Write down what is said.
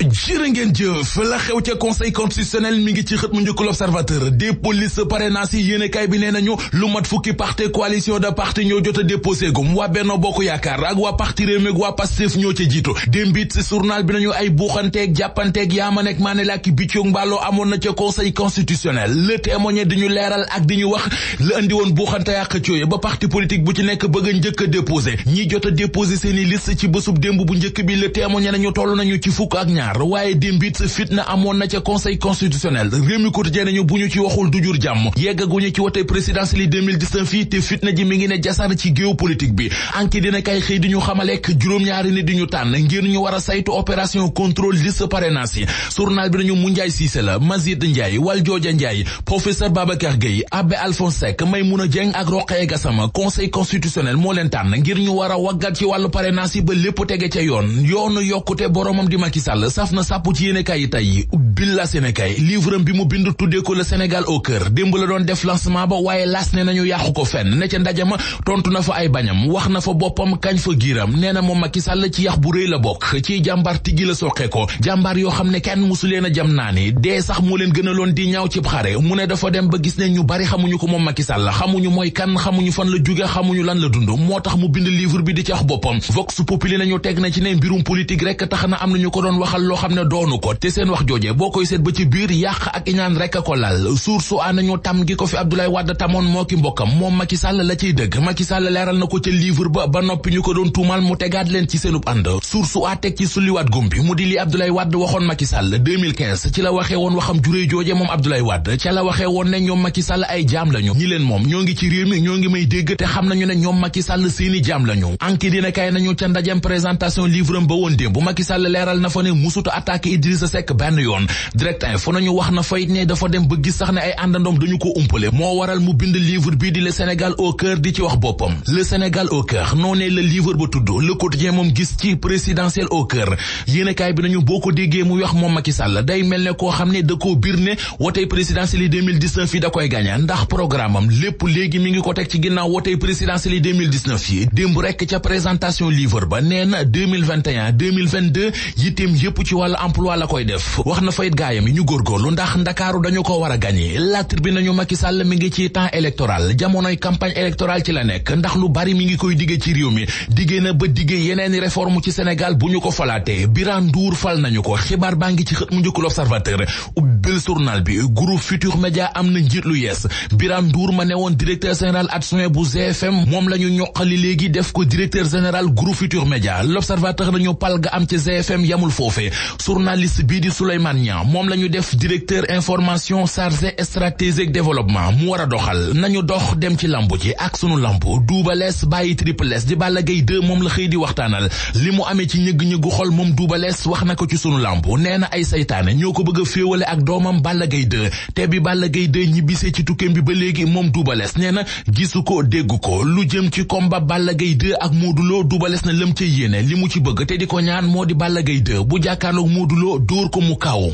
jërë ngeen jëf la xew ca conseil constitutionnel mi ngi ci xët mu njëkk l'observateur dépôt liste parrainage yi yéenekaay bi nañu lu mat fukki parti coalition de jot déposé gum waa Benno Bokk Yaakaar ak parti Rewmi ak waa Pastef ñoo ca jiitu démb it ci journal bi nañu ay buuxanteeg jàppanteeg yaaman ak maane la ki biccoog mbaaloo na ca conseil constitutionnel le témoigné di ñu leeral ak di ñu wax la andi woon buuxante yàq cooye ba parti politique bu ci nekk bëgg a njëkk déposé ñi jot a déposé seeni liste ci bésub démb bu njëkk bi le témoigné nañu toll nañu ci fukk ak ñaar ñaar waaye démbit fitna amoon na ca conseil constitutionnel réew mi quotidien nañu bu ñu ci waxul du jur jàmm yeggaguñu ci wote présidentielle yi 2019 fii te fitna ji mi ngi ne jasar ci géopolitique bi anki dina kay xëy di ñu xamalekk juróom-ñaari nit ñu tànn ngir ñu war a saytu opération contrôle liste parrainage yi journal bi nañu Moundiaye Cissé la Mazid Ndiaye Waljooja Ndiaye professeur Babacar Gueye Abbé Alphonse Seck Maymouna Dieng ak Rokhaya Gassama conseil constitutionnel moo leen tànn ngir ñu war a waggat ci wàllu parrainage yi ba lépp tege ca yoon yoonu yokkute boromam di Macky Sall saf na sàpp ci yéene kaay yi tey ubbil la Sénégal livre bi mu bind tuddee ko le Sénégal au cœur démb la doon def lancement ba waaye las ne nañu yàqu ko fenn ne ca ndajama tontu na fa ay bañam wax na fa boppam kañ fa giiram nee na moom Macky Sall ci yax bu rëy la bokk ci jàmbaar tigi la soqe ko jàmbaar yoo xam ne kenn musu leen a jam naa ni dee sax moo leen gënaloon di ñaw cib xare mu ne dafa dem ba gis ne ñu bari xamuñu ko moom Macky Sall xamuñu mooy kan xamuñu fan la xam xamuñu lan la dund moo tax mu bind livre bi di ci wax boppam vox populi nañu teg na loo xam ne doonu ko te seen wax jooje boo koy seet ba ci biir yàq ak iñaan rek a ko lal suur su anañu tam gi ko fi Abdoulaye Wade tamoon moo ki mbokkam moom Macky Sall la ciy dëgg Macky Sall leeral na ko ca livre ba noppi ñu ko doon tuumal mu tegaat leen ci seenub ànd suur su a teg ci sulliwaat gumbi mu di li Abdoulaye Wade waxoon Macky Sall 2015 ci la waxee woon waxam juree jooje moom Abdoulaye Wade ca la waxee woon ne ñoom Macky Sall ay jaam lañu ñi leen moom ñoo ngi ci réew mi ñoo ngi may dégg te xam nañu ne ñoom Macky Sall seeni jaam lañu anki dina kay nañu ca ndajem présentation livre ba woon démb Macky Sall leeral na fa ne musul mësuta attaqué Idrissa Seck benn yoon direct info nañu wax na fay ne dafa dem ba gis sax ne ay àndandoom dañu ko umpale moo waral mu bind livre bii di le Sénégal au cœur di ci wax boppam le Sénégal au cœur noonee la livre ba tudd le quotidien moom gis ci présidentiel au cœur yéenekaay bi nañu boo ko déggee muy wax moom Macky Sall day mel ne koo xam ne da koo biir ne wotey présidentiel yi 2019 da koy gagné ndax programme lépp léegi mi ngi ko lépp ci wàllu emploi la koy def wax na fayit gaayam yi ñu góorgóorlu ndax ndakaaru dañu ko war a gañe la tribune nañu Macky Sall mi ngi ci temps électoral jamonoy campagne électorale ci la nekk ndax lu bari mi ngi koy diggee ci réew mi diggee na ba diggee yeneeni réforme ci Sénégal bu ñu ko falaatee Birane Ndour fal nañu ko xibaar baa ngi ci xët mu njëkkul observateur ubbil journal bi groupe Futur Média am na njiit lu yees Birame Ndour ma ne woon directeur général adjoint bu GFM moom la ñu ñoqali léegi def ko directeur général groupe Futur Média l'observateur nañu pal ga am ci GFM yamul foofe journaliste bii di Souleymane moom la def directeur information chargé stratégique développement mu war a doxal nañu dox dem ci lambu ci ak sunu lambu Double bàyyi Triple Less di Balla Gaye 2 moom la xëy di waxtaanal li mu amee ci ñëgg-ñëggu a féewale ak doom doomam Balla Gaye 2 te bi Balla Gaye 2 ñibbisee ci tukkeem bi ba léegi moom dubales nee na gisu ko dégg ko lu jëm ci ba Balla gay 2 ak moo Modou Lo dubales na lëm ca yéene li mu ci bëgg te di ko ñaan moo di Balla Gaye 2 bu jàkkaarloog Modou Lo dóor ko mu kaw